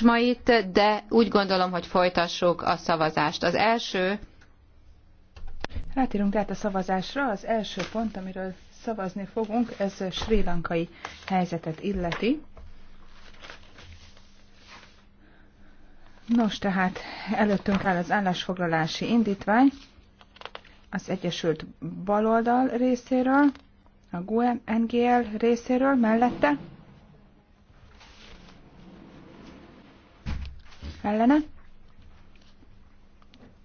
nincs ma itt, de úgy gondolom, hogy folytassuk a szavazást. Az első... Rátérünk tehát a szavazásra. Az első pont, amiről szavazni fogunk, ez sri lankai helyzetet illeti. Nos, tehát előttünk áll az állásfoglalási indítvány az Egyesült Baloldal részéről, a GUE NGL részéről mellette. ellene,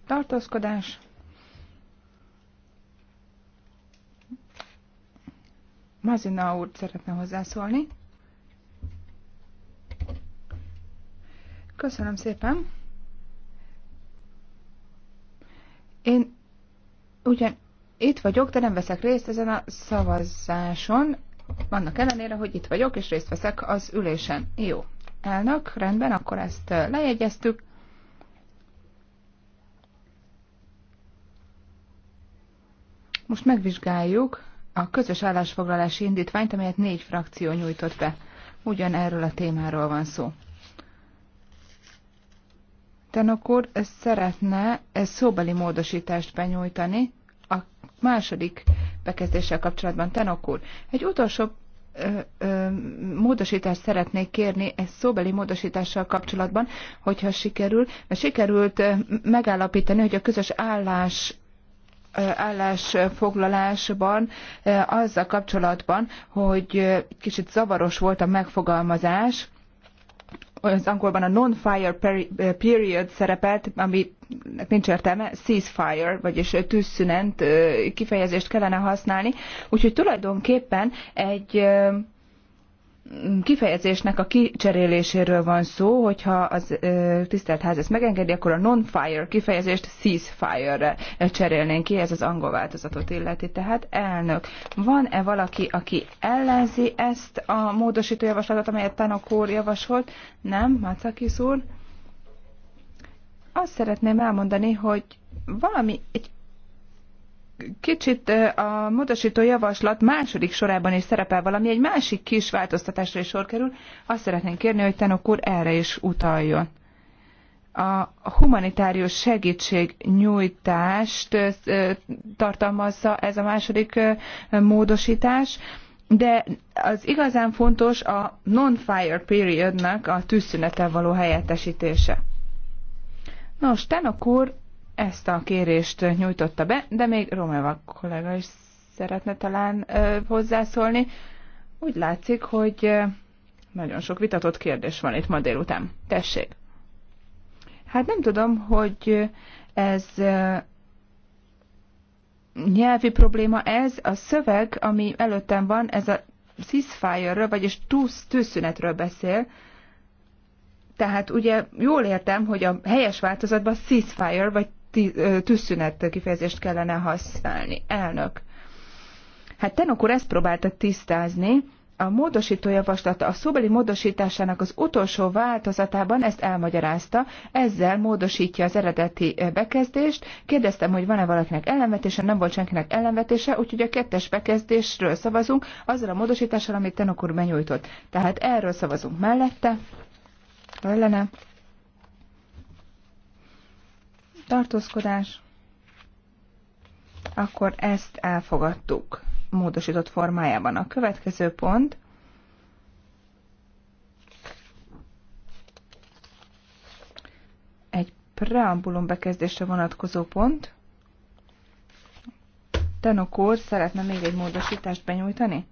tartózkodás, Mazina úr szeretne hozzászólni. Köszönöm szépen. Én ugyan itt vagyok, de nem veszek részt ezen a szavazáson, annak ellenére, hogy itt vagyok, és részt veszek az ülésen. Jó, Elnök, rendben, akkor ezt lejegyeztük. Most megvizsgáljuk a közös állásfoglalási indítványt, amelyet négy frakció nyújtott be. ugyan erről a témáról van szó. Tenok úr szeretne szóbeli módosítást benyújtani a második bekezdéssel kapcsolatban. Tenok úr, egy utolsó módosítást szeretnék kérni egy szóbeli módosítással kapcsolatban, hogyha sikerül, mert sikerült megállapítani, hogy a közös állás állásfoglalásban azzal kapcsolatban, hogy kicsit zavaros volt a megfogalmazás, az angolban a non-fire eh, period szerepelt, ami nincs értelme, ceasefire, vagyis tűzszünet eh, kifejezést kellene használni. Úgyhogy tulajdonképpen egy eh, kifejezésnek a kicseréléséről van szó, hogyha az tisztelt ház ezt megengedi, akkor a non-fire kifejezést ceasefire-re cserélnénk ki, ez az angol változatot illeti. Tehát elnök, van-e valaki, aki ellenzi ezt a módosító javaslatot, amelyet Tanok úr javasolt? Nem, Macakis úr? Azt szeretném elmondani, hogy valami, egy Kicsit a módosító javaslat második sorában is szerepel valami, egy másik kis változtatásra is sor kerül. Azt szeretném kérni, hogy Tenok úr erre is utaljon. A humanitárius segítségnyújtást tartalmazza ez a második módosítás, de az igazán fontos a non-fire periodnak a tűzszünetel való helyettesítése. Nos, Tenok úr ezt a kérést nyújtotta be, de még Romeva kollega is szeretne talán ö, hozzászólni. Úgy látszik, hogy ö, nagyon sok vitatott kérdés van itt ma délután. Tessék! Hát nem tudom, hogy ez ö, nyelvi probléma ez, a szöveg, ami előttem van, ez a ceasefire-ről, vagyis tűz, tűzszünetről beszél, tehát ugye jól értem, hogy a helyes változatban ceasefire vagy tűzszünet kifejezést kellene használni. Elnök. Hát Tenok úr ezt próbálta tisztázni, a módosító javaslata a szóbeli módosításának az utolsó változatában ezt elmagyarázta, ezzel módosítja az eredeti bekezdést. Kérdeztem, hogy van-e valakinek ellenvetése, nem volt senkinek ellenvetése, úgyhogy a kettes bekezdésről szavazunk, azzal a módosítással, amit Tenok úr benyújtott. Tehát erről szavazunk mellette, ellene, tartózkodás, akkor ezt elfogadtuk módosított formájában. A következő pont egy preambulum bekezdésre vonatkozó pont. Tenokor szeretne még egy módosítást benyújtani?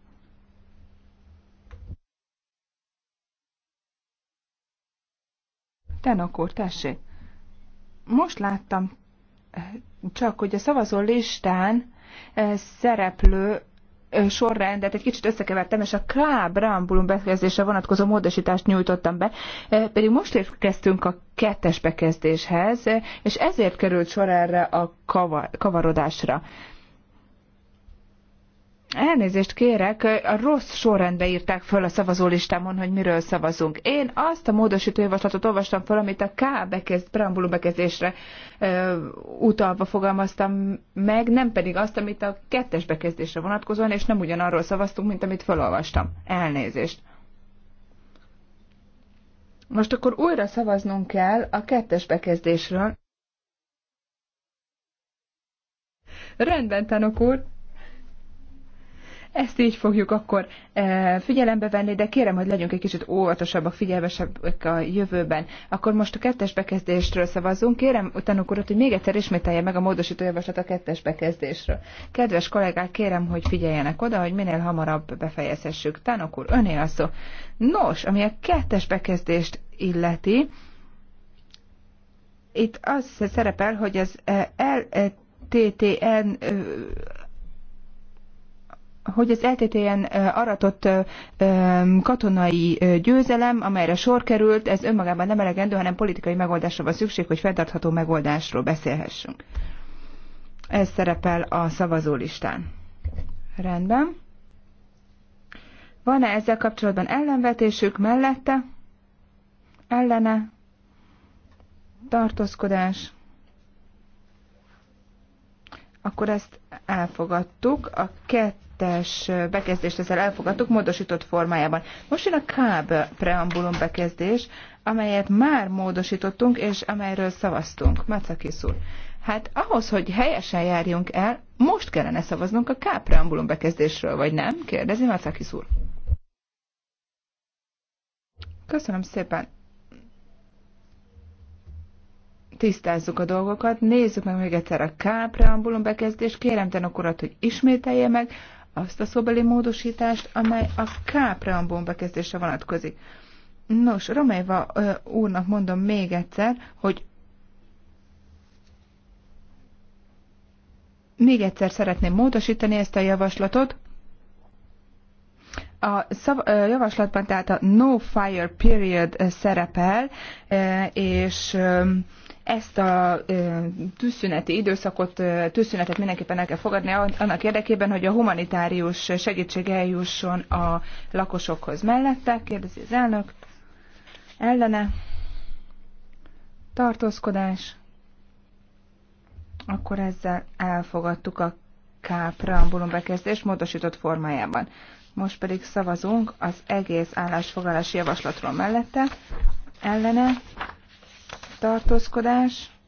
Tenokor, tessék! most láttam eh, csak, hogy a szavazó listán eh, szereplő eh, sorrendet egy kicsit összekevertem, és a kláb rambulum bekezdésre vonatkozó módosítást nyújtottam be, pedig most érkeztünk a kettes bekezdéshez, és ezért került sor erre a kavarodásra. Elnézést kérek, a rossz sorrendbe írták föl a szavazólistámon, hogy miről szavazunk. Én azt a módosító javaslatot olvastam föl, amit a K bekezd, preambulum bekezdésre ö, utalva fogalmaztam meg, nem pedig azt, amit a kettes bekezdésre vonatkozóan, és nem ugyanarról szavaztunk, mint amit felolvastam. Elnézést. Most akkor újra szavaznunk kell a kettes bekezdésről. Rendben, tanok úr. Ezt így fogjuk akkor e, figyelembe venni, de kérem, hogy legyünk egy kicsit óvatosabbak, figyelmesebbek a jövőben. Akkor most a kettes bekezdésről szavazunk. Kérem tanúk urat, hogy még egyszer ismételje meg a módosító javaslat a kettes bekezdésről. Kedves kollégák, kérem, hogy figyeljenek oda, hogy minél hamarabb befejezhessük. Tanok úr, öné a szó. Nos, ami a kettes bekezdést illeti, itt az szerepel, hogy az e, LTTN hogy az LTTN aratott katonai győzelem, amelyre sor került, ez önmagában nem elegendő, hanem politikai megoldásra van szükség, hogy fenntartható megoldásról beszélhessünk. Ez szerepel a szavazólistán. Rendben. Van-e ezzel kapcsolatban ellenvetésük mellette? Ellene? Tartózkodás? akkor ezt elfogadtuk, a kettes bekezdést ezzel elfogadtuk módosított formájában. Most jön a káb preambulum bekezdés, amelyet már módosítottunk, és amelyről szavaztunk. Macakis úr. Hát ahhoz, hogy helyesen járjunk el, most kellene szavaznunk a K preambulum bekezdésről, vagy nem? Kérdezi Macakis úr. Köszönöm szépen tisztázzuk a dolgokat, nézzük meg még egyszer a K preambulum bekezdést, kérem te urat, hogy ismételje meg azt a szóbeli módosítást, amely a K preambulum bekezdésre vonatkozik. Nos, Romeva úrnak mondom még egyszer, hogy még egyszer szeretném módosítani ezt a javaslatot. A szav- javaslatban tehát a no fire period szerepel, és ezt a tűzszüneti időszakot, tűzszünetet mindenképpen el kell fogadni annak érdekében, hogy a humanitárius segítség eljusson a lakosokhoz mellette. Kérdezi az elnök. Ellene. Tartózkodás. Akkor ezzel elfogadtuk a K preambulum bekezdést módosított formájában. Most pedig szavazunk az egész állásfoglalási javaslatról mellette. Ellene tartózkodás.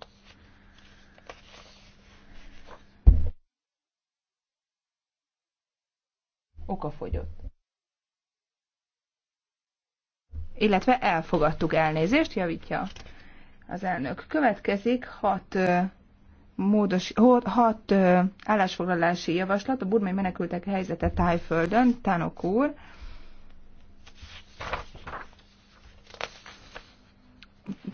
fogyott. Illetve elfogadtuk elnézést, javítja az elnök. Következik hat, módos, hat állásfoglalási javaslat a burmai menekültek helyzete Tájföldön, Tanok úr.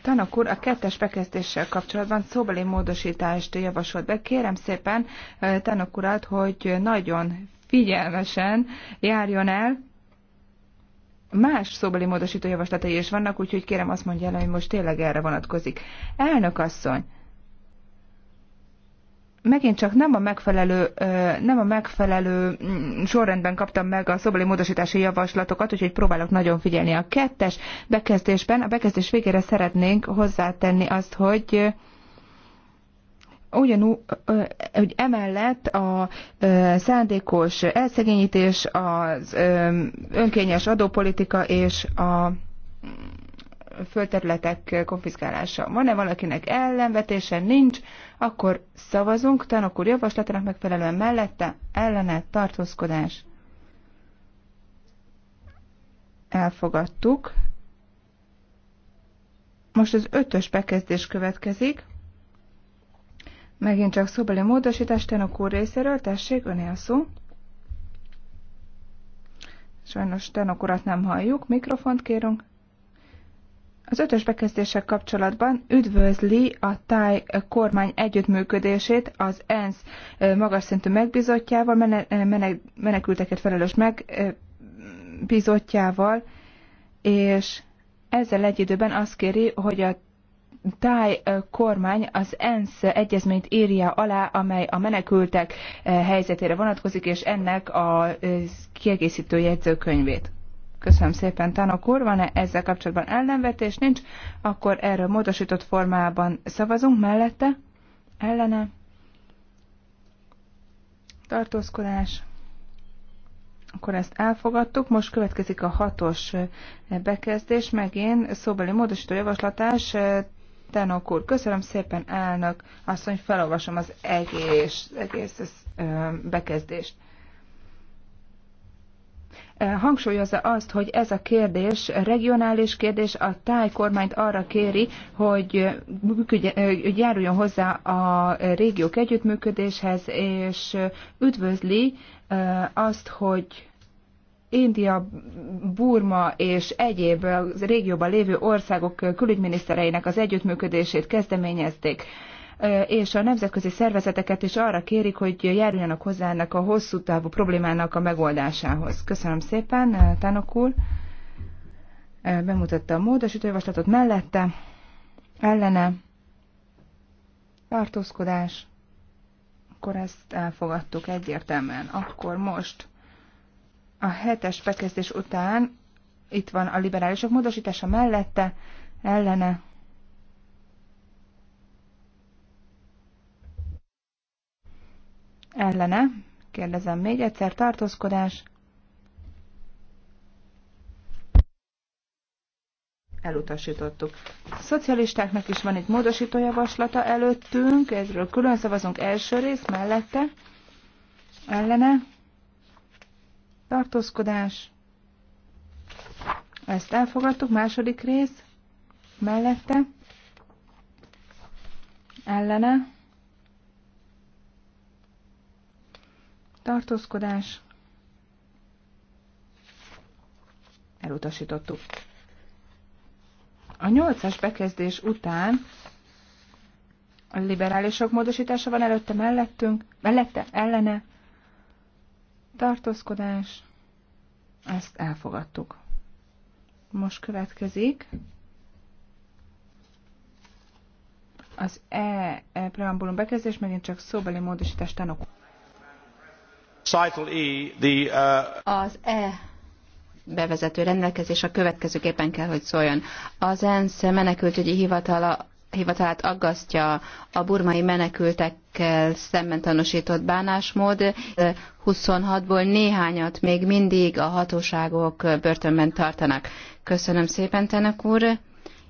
Tanak úr a kettes bekezdéssel kapcsolatban szóbeli módosítást javasolt be. Kérem szépen Tanak urat, hogy nagyon figyelmesen járjon el. Más szóbeli módosító javaslatai is vannak, úgyhogy kérem azt mondja el, hogy most tényleg erre vonatkozik. Elnök asszony! megint csak nem a megfelelő, nem a megfelelő mm, sorrendben kaptam meg a szobali módosítási javaslatokat, úgyhogy próbálok nagyon figyelni a kettes bekezdésben. A bekezdés végére szeretnénk hozzátenni azt, hogy ugyanúgy, hogy emellett a szándékos elszegényítés, az önkényes adópolitika és a földterületek konfiszkálása. Van-e valakinek ellenvetése? Nincs. Akkor szavazunk. Tanok úr javaslatának megfelelően mellette ellene tartózkodás. Elfogadtuk. Most az ötös bekezdés következik. Megint csak szóbeli módosítás tanok úr részéről. Tessék, öné a szó. Sajnos tenokurat nem halljuk. Mikrofont kérünk. Az ötös bekezdések kapcsolatban üdvözli a táj kormány együttműködését az ENSZ magas szintű megbizotjával, menekülteket felelős megbizotjával, és ezzel egy időben azt kéri, hogy a táj kormány az ENSZ egyezményt írja alá, amely a menekültek helyzetére vonatkozik, és ennek a kiegészítő jegyzőkönyvét. Köszönöm szépen, Tanok úr. Van-e ezzel kapcsolatban ellenvetés? Nincs. Akkor erről módosított formában szavazunk. Mellette? Ellene? Tartózkodás? Akkor ezt elfogadtuk. Most következik a hatos bekezdés. Megint szóbeli módosító javaslatás. Tanok úr, köszönöm szépen, elnök. Azt mondja, felolvasom az egész, egész ezt, ö, bekezdést hangsúlyozza azt, hogy ez a kérdés regionális kérdés, a táj kormányt arra kéri, hogy járuljon hozzá a régiók együttműködéshez, és üdvözli eh, azt, hogy India, Burma és egyéb régióban lévő országok külügyminisztereinek az együttműködését kezdeményezték és a nemzetközi szervezeteket is arra kérik, hogy járuljanak hozzá ennek a hosszú távú problémának a megoldásához. Köszönöm szépen, Tanokul. Bemutatta a módosítójavaslatot mellette, ellene, tartózkodás, akkor ezt elfogadtuk egyértelműen. Akkor most a hetes bekezdés után itt van a liberálisok módosítása mellette, ellene, Ellene? Kérdezem még egyszer. Tartózkodás? Elutasítottuk. A szocialistáknak is van itt módosító javaslata előttünk, ezről külön szavazunk első rész mellette. Ellene? Tartózkodás? Ezt elfogadtuk, második rész mellette, ellene, tartózkodás, elutasítottuk. A nyolcas bekezdés után a liberálisok módosítása van előtte mellettünk, mellette ellene, tartózkodás, ezt elfogadtuk. Most következik az E, e preambulum bekezdés, megint csak szóbeli módosítás tanok. E, uh, az E bevezető rendelkezés a következőképpen kell, hogy szóljon. Az ENSZ menekültügyi hivatala hivatalát aggasztja a burmai menekültekkel szemben tanúsított bánásmód. 26-ból néhányat még mindig a hatóságok börtönben tartanak. Köszönöm szépen, Tenek úr.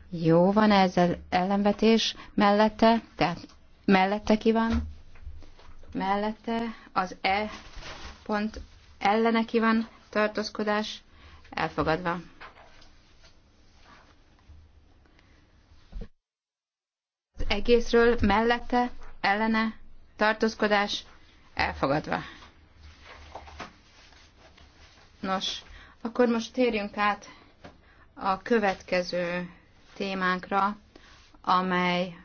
Jó, van ezzel ellenvetés mellette? Tehát mellette ki van? Mellette az E pont ellene ki van tartózkodás elfogadva. Az egészről mellette ellene tartózkodás elfogadva. Nos, akkor most térjünk át a következő témánkra, amely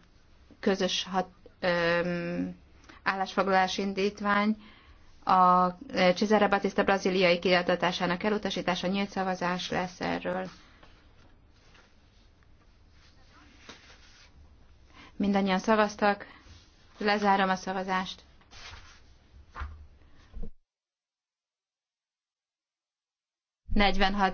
közös hat, ö, állásfoglalás indítvány a Cesare Batista braziliai kiadatásának elutasítása nyílt szavazás lesz erről. Mindannyian szavaztak. Lezárom a szavazást. Negyvenhat